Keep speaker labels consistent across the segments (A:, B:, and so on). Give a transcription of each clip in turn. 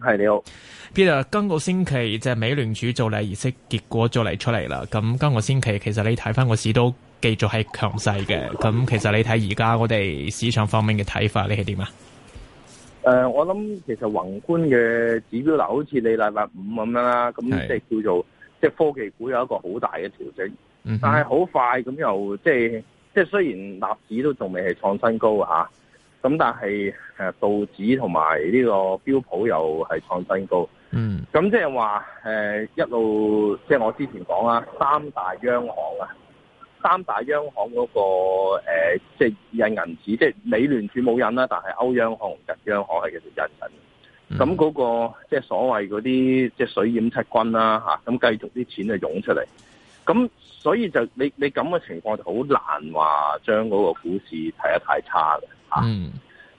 A: 係你好。Peter，今個星期就係美聯儲做例儀式，結果做嚟出嚟啦。咁今個星期其實你睇翻個市都繼續係強勢嘅。咁其實你睇而家我哋市場方面嘅睇法，你係點啊？
B: 誒、呃，我諗其實宏觀嘅指標，嗱，好似你禮拜五咁樣啦，咁即係叫做是即係科技股有一個好大嘅調整，嗯、哼但係好快咁又即係即係雖然納指都仲未係創新高啊。咁但係道指同埋呢個標普又係創新高。嗯。咁即係話一路，即、就、係、是、我之前講啦，三大央行啊，三大央行嗰、那個即係印銀紙，即係美聯儲冇印啦，但係歐央行、同日央行係一直印緊。咁嗰、嗯那個即係、就是、所謂嗰啲即係水淹七軍啦咁、啊、繼續啲錢就湧出嚟。咁所以就你你咁嘅情況就好難話將嗰個股市睇得太差嘅。嗯，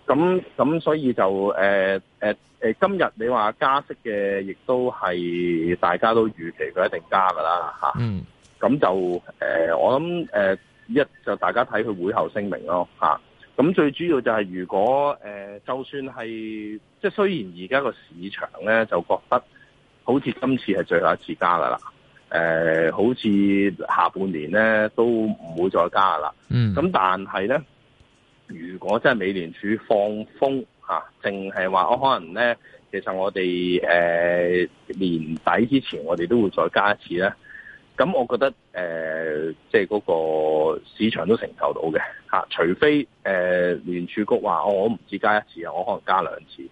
B: 咁咁所以就誒誒誒，今日你話加息嘅，亦都係大家都預期佢一定加噶啦吓。啊、嗯，咁就誒、呃，我諗誒、呃、一就大家睇佢會後聲明咯吓。咁、啊、最主要就係如果誒、呃，就算係即係雖然而家個市場咧就覺得好似今次係最後一次加噶啦，誒、呃、好似下半年咧都唔會再加噶啦。嗯，咁但係咧。如果真係美聯儲放風嚇，淨係話我可能咧，其實我哋誒、呃、年底之前我哋都會再加一次咧。咁我覺得誒，即係嗰個市場都承受到嘅嚇、啊，除非誒、呃、聯儲局話我唔知加一次啊，我可能加兩次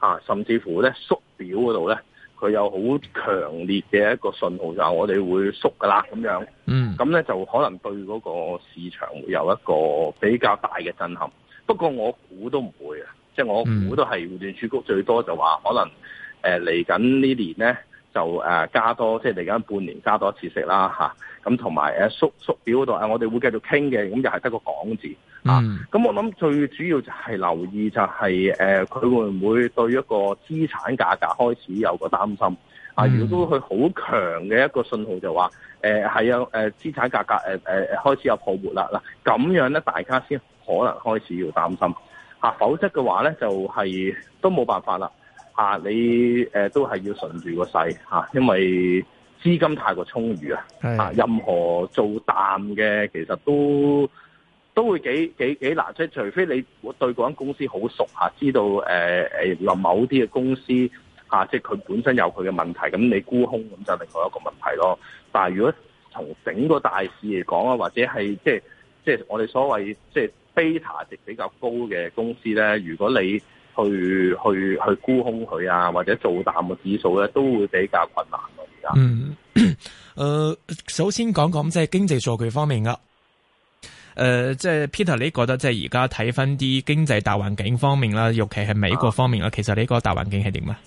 B: 嚇、啊，甚至乎咧縮表嗰度咧。佢有好強烈嘅一個信號，就係、是、我哋會縮噶啦咁樣。嗯，咁咧就可能對嗰個市場會有一個比較大嘅震撼。不過我估都唔會啊，即、就、係、是、我估都係聯儲局最多就話可能誒嚟緊呢年咧就誒、呃、加多，即係嚟緊半年加多一次息啦嚇。咁同埋誒縮縮表嗰度啊，我哋會繼續傾嘅，咁又係得個講字。嗯、啊！咁我諗最主要就係留意就係、是、誒，佢、呃、會唔會對一個資產價格開始有個擔心？啊，如果佢好強嘅一個信號就話誒係有誒、呃、資產價格誒誒、呃呃、開始有泡沫啦嗱，咁、啊、樣咧大家先可能開始要擔心吓、啊，否則嘅話咧就係、是、都冇辦法啦吓、啊，你誒、呃、都係要順住個勢吓、啊，因為資金太過充裕啊，啊任何做淡嘅其實都。都會幾幾幾難，即係除非你對嗰間公司好熟吓，知道誒誒，由、呃呃、某啲嘅公司吓、啊，即係佢本身有佢嘅問題，咁你沽空咁就另外一個問題咯。但係如果從整個大市嚟講啊，或者係即係即係我哋所謂即係 beta 值比較高嘅公司咧，如果你去去去沽空佢啊，或者做淡個指數咧，都會比較困難啊。而家嗯，
C: 誒、呃，
A: 首先講講即係經濟數據方面啊誒、呃，即係 Peter，你覺得即係而家睇翻啲經濟大環境方面啦，尤其係美國方面啦，啊、其實你個大環境係點啊？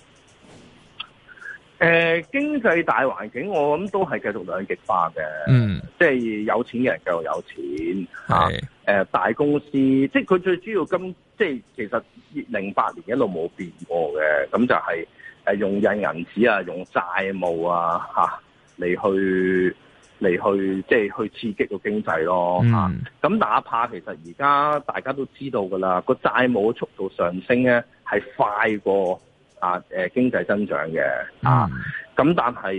B: 誒、呃，經濟大環境我諗都係繼續兩極化嘅，嗯，即係有錢嘅人繼續有錢，係是，誒、啊呃，大公司，即係佢最主要今，即係其實零八年一路冇變過嘅，咁就係誒用印銀紙啊，用債務啊，吓、啊、嚟去嚟去，即係去刺激個經濟咯，嚇咁、嗯、哪怕其實而家大家都知道㗎啦，個債務嘅速度上升咧係快過啊、呃、經濟增長嘅、嗯、啊，咁但係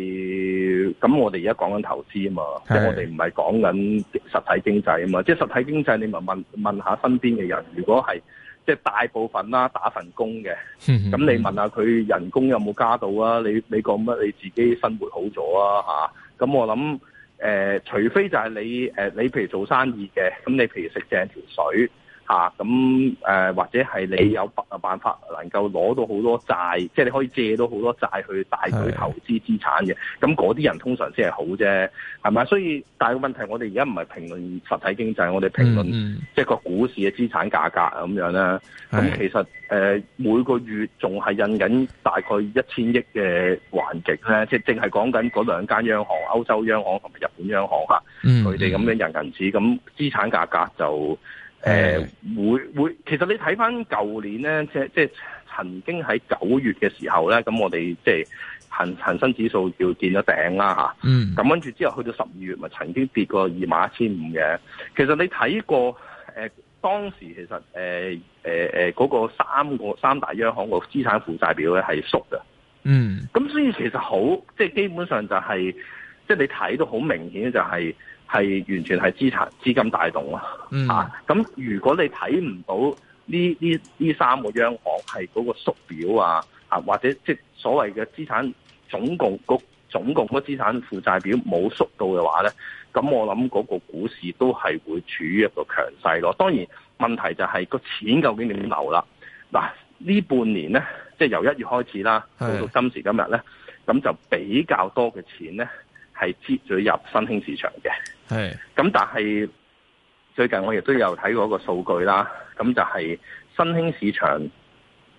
B: 咁我哋而家講緊投資啊嘛，是即係我哋唔係講緊實體經濟啊嘛，即係實體經濟你咪問問下身邊嘅人，如果係即係大部分啦打份工嘅，咁、嗯、你問下佢人工有冇加到啊？你你講乜你自己生活好咗啊？咁、啊、我諗。誒、呃，除非就係你誒、呃，你譬如做生意嘅，咁你譬如食正條水。咁誒、啊呃，或者係你有辦法能夠攞到好多債，即係你可以借到好多債去大舉投資資產嘅。咁嗰啲人通常先係好啫，係咪？所以，但係個問題，我哋而家唔係評論實體經濟，我哋評論、嗯、即係個股市嘅資產價格咁樣啦。咁、嗯、其實、呃、每個月仲係印緊大概一千億嘅環境咧，即係淨係講緊嗰兩間央行、歐洲央行同埋日本央行吓，
C: 佢哋咁樣
B: 印銀紙，咁資產價格就。誒，欸、會會，其實你睇翻舊年咧，即即曾經喺九月嘅時候咧，咁我哋即恒恒生指數要見咗頂啦吓，咁跟住之後去到十二月，咪曾經跌過二萬一千五嘅。其實你睇過誒、呃，當時其實誒誒誒嗰個三個三大央行個資產負債表咧係縮嘅，嗯，咁所以其實好，即基本上就係、是，即你睇到好明顯就係、是。係完全係資產資金帶動咯、啊，啊咁如果你睇唔到呢呢呢三個央行係嗰個縮表啊，啊或者即係所謂嘅資產總共個總共嘅資產負債表冇縮到嘅話咧，咁我諗嗰個股市都係會處於一個強勢咯。當然問題就係個錢究竟點流啦？嗱、啊，呢半年咧，即係由一月開始啦，到到今時今日咧，咁是的 就比較多嘅錢咧係擠咗入新興市場嘅。係，咁但係最近我亦都有睇過一個數據啦，咁就係新興市場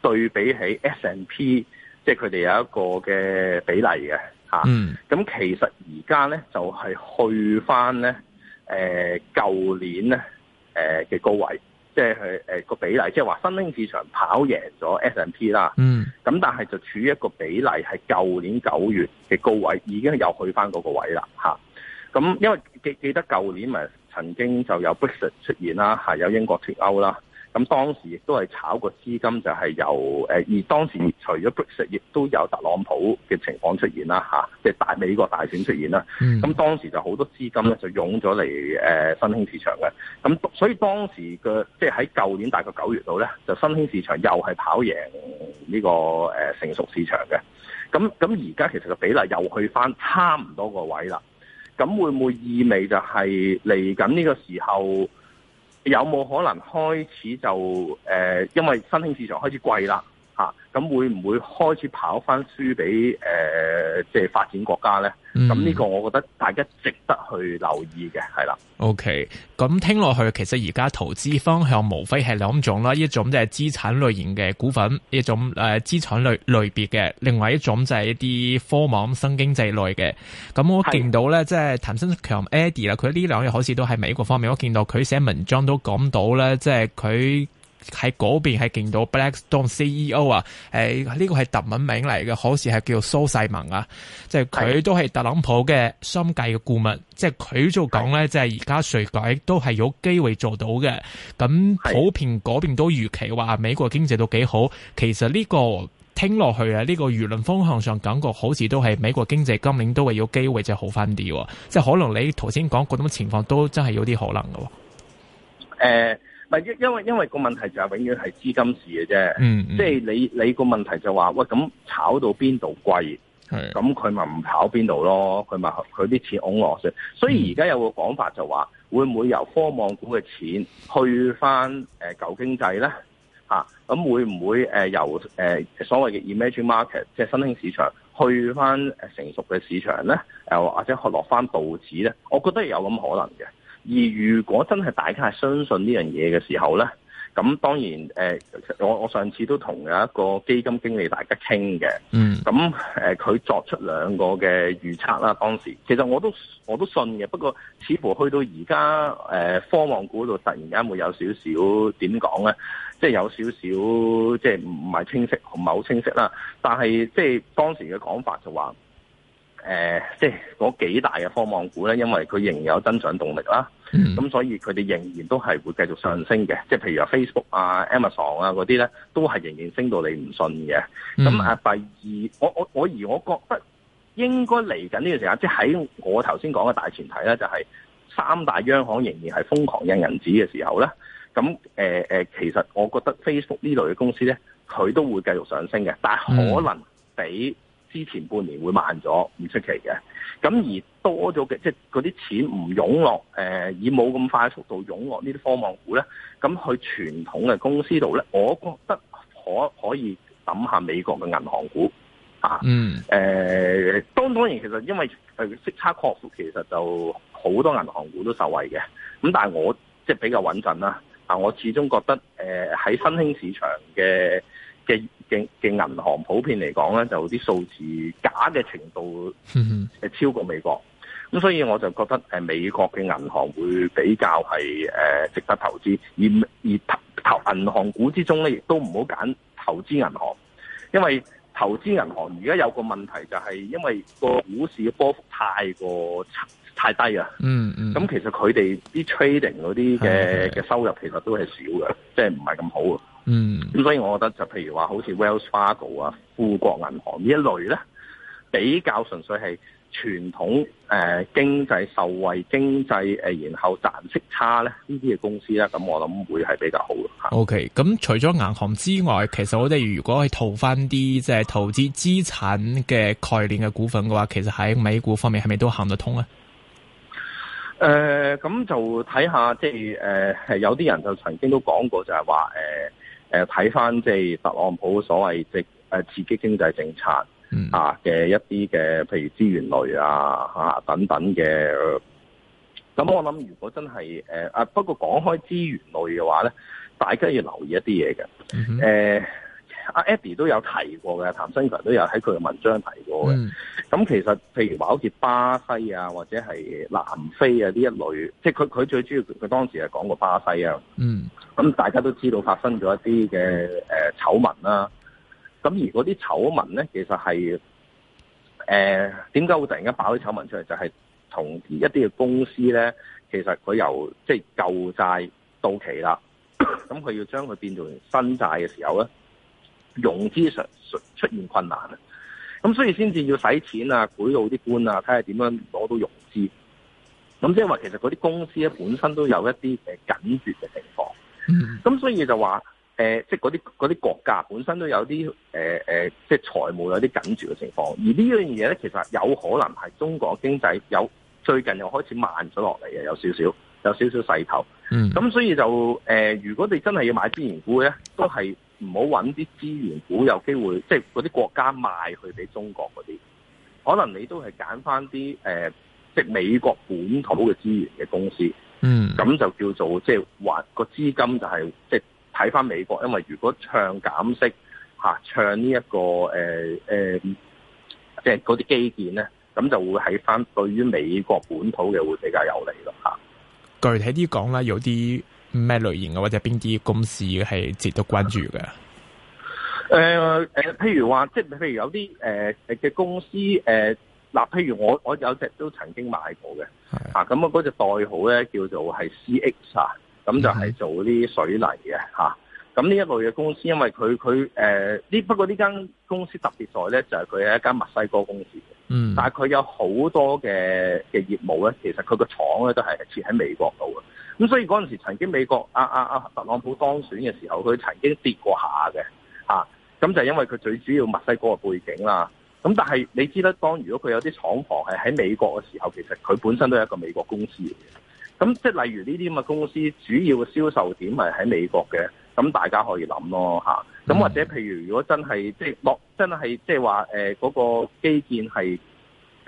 B: 對比起 S&P，即係佢哋有一個嘅比例嘅
C: 吓。
B: 咁、嗯、其實而家咧就係、是、去翻咧，誒、呃、舊年咧誒嘅高位，即係誒個比例，即係話新興市場跑贏咗 S&P 啦。咁但係就處於一個比例係舊年九月嘅高位，已經又去翻嗰個位啦吓。咁因為記記得舊年咪曾經就有 Brexit 出現啦，係有英國脫歐啦。咁當時亦都係炒個資金就係由誒，而當時除咗 Brexit，亦都有特朗普嘅情況出現啦，吓，即係大美國大選出現啦。咁當時就好多資金咧就湧咗嚟誒新興市場嘅。咁所以當時嘅即係喺舊年大概九月度咧，就新興市場又係跑贏呢個誒成熟市場嘅。咁咁而家其實個比例又去返差唔多個位啦。咁會唔會意味就係嚟緊呢個時候有冇可能開始就誒、呃，因為新興市場開始貴啦？咁、啊、會唔會開始跑翻輸俾誒，即、呃、係、就是、發展國家咧？咁呢、嗯、個我覺得大家值得去留意嘅，係啦。
A: OK，咁聽落去其實而家投資方向無非係兩種啦，一種就係資產類型嘅股份，一種誒、呃、資產類類別嘅，另外一種就係一啲科網新經濟類嘅。咁我見到咧，即係譚新強 Eddie 啦，佢呢兩日好似都係美國方面，我見到佢寫文章都講到咧，即係佢。喺嗰邊係見到 Blackstone CEO 啊、哎，誒、這、呢個係特文名嚟嘅，好似係叫蘇世民啊，即係佢都係特朗普嘅心計嘅顧問，即係佢就講咧，是的 即係而家稅改都係有機會做到嘅。咁普遍嗰邊都預期話美國經濟都幾好，其實呢、這個聽落去啊，呢、這個輿論風向上感覺好似都係美國經濟今年都會有機會即係、就是、好翻啲，即係可能你頭先講嗰種情況都真係有啲可能嘅。
B: 誒。呃因為因個問題就係永遠係資金市嘅啫，即係、嗯嗯、你你個問題就話、是、喂咁炒到邊度貴，咁佢咪唔炒邊度咯？佢咪佢啲錢拱落去。所以而家有個講法就話、是，會唔會由科網股嘅錢去翻誒、呃、舊經濟咧？咁、啊、會唔會、呃、由、呃、所謂嘅 emerging market 即係新興市場去翻成熟嘅市場咧？誒、呃、或者落翻道指咧？我覺得有咁可能嘅。而如果真係大家係相信呢樣嘢嘅時候呢，咁當然誒、呃，我我上次都同有一個基金經理大家傾嘅，嗯，咁、呃、誒，佢作出兩個嘅預測啦。當時，其實我都我都信嘅，不過似乎去到而家誒科網股度突然間會有少少點講呢，即係有少少即係唔係清晰，唔係好清晰啦。但係即係當時嘅講法就話，誒、呃，即係嗰幾大嘅科網股咧，因為佢仍然有增長動力啦，咁、嗯、所以佢哋仍然都係會繼續上升嘅。即係譬如話 Facebook 啊、Amazon 啊嗰啲咧，都係仍然升到你唔信嘅。咁啊、嗯，第二，我我我而我覺得應該嚟緊呢個時候，即係喺我頭先講嘅大前提咧，就係、是、三大央行仍然係瘋狂印銀紙嘅時候咧。咁、呃、其實我覺得 Facebook 呢類嘅公司咧，佢都會繼續上升嘅，但係可能比之前半年會慢咗，唔出奇嘅。咁而多咗嘅，即係嗰啲錢唔湧落，誒、呃，以冇咁快嘅速度湧落呢啲科網股咧，咁去傳統嘅公司度咧，我覺得可可以諗下美國嘅銀行股啊。嗯。誒、呃，當當然其實因為誒息差擴幅，其實就好多銀行股都受惠嘅。咁但係我即係比較穩陣啦。但、啊、我始終覺得誒喺、呃、新興市場嘅。嘅嘅嘅銀行普遍嚟講咧，就啲數字假嘅程度係超過美國，咁所以我就覺得呃美國嘅銀行會比較係、呃、值得投資，而而投銀行股之中咧，亦都唔好揀投資銀行，因為投資銀行而家有個問題就係因為個股市嘅波幅太過太低啊，嗯嗯，咁其實佢哋啲 trading 嗰啲嘅嘅收入其實都係少嘅，即係唔係咁好嗯，咁所以我覺得就譬如話好似 Wells Fargo 啊，富國銀行呢一類咧，比較純粹係傳統誒、呃、經濟受惠經濟誒，然後賺息差咧呢啲嘅公司咧，咁我諗會係比較好嘅
A: 吓。OK，咁除咗銀行之外，其實我哋如果去套翻啲即係投資資產嘅概念嘅股份嘅話，其實喺美股方面係咪都行得通呢？誒、
B: 呃，咁就睇下即係誒，係、呃、有啲人就曾經都講過就，就係話誒。誒，睇翻即係特朗普所謂誒刺激經濟政策啊嘅一啲嘅，譬如資源類啊嚇等等嘅。咁我諗如果真係誒啊，不過講開資源類嘅話咧，大家要留意一啲嘢嘅，誒、嗯哼。呃阿 Eddie 都有提過嘅，譚新強都有喺佢嘅文章提過嘅。咁、嗯、其實譬如話好似巴西啊，或者係南非啊呢一類，即係佢佢最主要，佢當時係講過巴西啊。嗯。咁大家都知道發生咗一啲嘅誒醜聞啦、啊。咁而嗰啲醜聞咧，其實係誒點解會突然間爆出醜聞出嚟？就係、是、同一啲嘅公司咧，其實佢由即係舊債到期啦，咁佢要將佢變做新債嘅時候咧。融資上出現困難啊！咁所以先至要使錢啊，賄賂啲官啊，睇下點樣攞到融資。咁即係話其實嗰啲公司咧本身都有一啲誒緊絕嘅情況，咁所以就話誒、呃，即係嗰啲啲國家本身都有啲誒誒，即係財務有啲緊絕嘅情況。而這件事呢樣嘢咧，其實有可能係中國經濟有最近又開始慢咗落嚟嘅，有少少有少少勢頭。咁所以就誒、呃，如果你真係要買資源股咧，都係。唔好揾啲資源股有機會，即係嗰啲國家賣去俾中國嗰啲，可能你都係揀翻啲誒，即係美國本土嘅資源嘅公司。
C: 嗯，咁就
B: 叫做即係話個資金就係即係睇翻美國，因為如果唱減息、啊、唱呢、誒、一個即係嗰啲基建咧，咁就會喺翻對於美國本土嘅會比較有利咯、啊、
A: 具體啲講啦，有啲。咩類型嘅或者邊啲公司係值得關注嘅？
B: 誒誒，譬如話，即係譬如有啲誒嘅公司誒，嗱，譬如我我有隻都曾經買過嘅，吓咁是的 啊，嗰隻代號咧叫做係 CX 啊，咁就係做啲水泥嘅吓，咁呢一類嘅公司，因為佢佢誒呢，不過呢間公司特別在咧，就係佢係一間墨西哥公司嘅，嗯，但係佢有好多嘅嘅業務咧，其實佢個廠咧都係設喺美國度嘅。咁所以嗰陣時曾經美國阿阿阿特朗普當選嘅時候，佢曾經跌過下嘅，嚇、啊，咁就係因為佢最主要墨西哥嘅背景啦。咁、啊、但係你知得當如果佢有啲廠房係喺美國嘅時候，其實佢本身都係一個美國公司嚟嘅。咁、啊、即係例如呢啲咁嘅公司，主要嘅銷售點咪喺美國嘅，咁大家可以諗咯，嚇、啊。咁或者譬如如果真係即係落真係即係話誒嗰個基建係。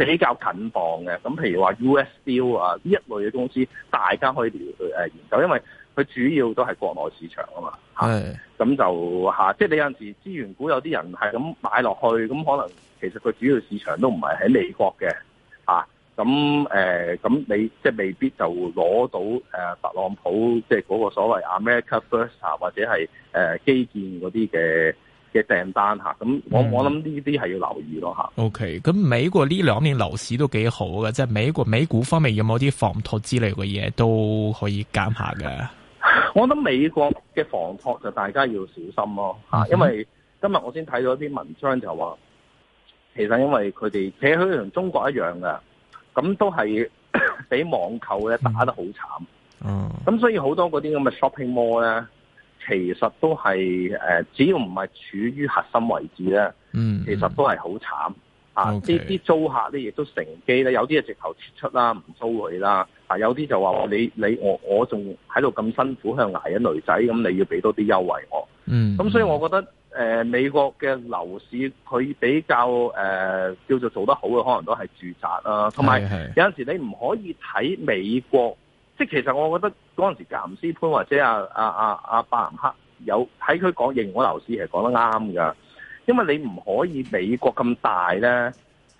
B: 比較近傍嘅，咁譬如話 USL 啊呢一類嘅公司，大家可以誒研究，因為佢主要都係國內市場啊嘛，嚇的。咁就嚇，即係你有陣時資源股有啲人係咁買落去，咁可能其實佢主要市場都唔係喺美國嘅，嚇、啊。咁誒，咁、呃、你即係未必就攞到誒、呃、特朗普即係嗰個所謂 America First 或者係誒、呃、基建嗰啲嘅嘅訂單吓，咁我、嗯、我諗呢啲係要留意咯吓。
A: OK，咁美國呢兩年樓市都幾好嘅，即係美國美股方面有冇啲防託之類嘅嘢都可以減下嘅。
B: 我諗美國嘅防託就大家要小心咯吓，因為今日我先睇咗啲文章就話，其實因為佢哋其實佢同中國一樣嘅，咁都係俾 網購咧打得好慘嗯。嗯，咁所以好多嗰啲咁嘅 shopping mall 咧。其實都係誒、呃，只要唔係處於核心位置咧，嗯、其實都係好慘 Okay. 啊！呢啲租客咧，亦都乘機咧，有啲係直頭撤出啦，唔租佢啦。啊，有啲就話你你我我仲喺度咁辛苦向捱緊女仔，咁你要俾多啲優惠我。嗯，咁、啊、所以我覺得誒、呃、美國嘅樓市佢比較誒、呃、叫做做得好嘅，可能都係住宅啦，同埋有陣是時候你唔可以睇美國。即係其實我覺得嗰陣時格林斯潘或者阿阿阿阿伯南克有喺佢講認我樓市係講得啱㗎，因為你唔可以美國咁大咧，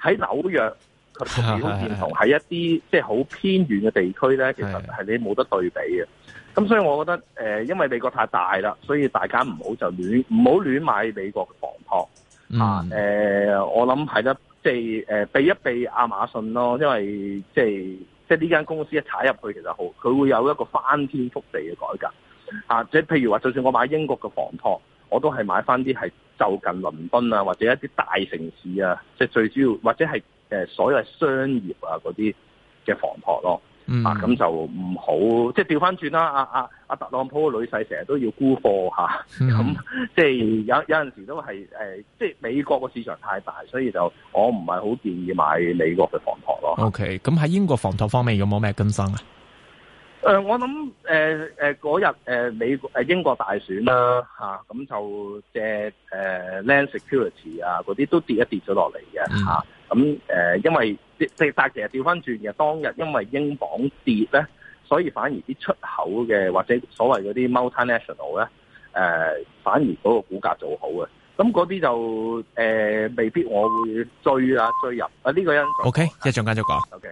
B: 喺紐約佢表現同，喺一啲即係好偏遠嘅地區咧，其實係你冇得對比嘅。咁所以我覺得誒、呃，因為美國太大啦，所以大家唔好就亂唔好亂買美國嘅房託啊。誒、嗯呃，我諗係得即係誒避一避亞馬遜咯，因為即係。即係即係呢間公司一踩入去，其實好，佢會有一個翻天覆地嘅改革嚇、啊。即係譬如話，就算我買英國嘅房託，我都係買翻啲係就近倫敦啊，或者一啲大城市啊，即係最主要，或者係誒、呃、所謂商業啊嗰啲嘅房託咯。嗯、啊，咁就唔好，即係調翻轉啦！阿阿阿特朗普女婿成日都要沽貨吓，咁、啊嗯嗯、即係有有陣時都係誒、呃，即係美國個市場太大，所以就我唔係好建議買美國嘅房託咯。O K.
A: 咁喺英國房託方面有冇咩更新啊？
B: 誒、呃，我諗誒誒嗰日誒美誒英國大選啦吓，咁、啊啊、就借誒、呃、Land Security 啊嗰啲都跌一跌咗落嚟嘅吓，咁、啊、誒、啊呃、因為。即但其實調翻轉嘅當日，因為英鎊跌咧，所以反而啲出口嘅或者所謂嗰啲 multinational 咧、呃，反而嗰個股價做好嘅。咁嗰啲就、呃、未必我會追啦，追入啊呢、呢個因
A: 素。O K，一陣間就講。O
B: K。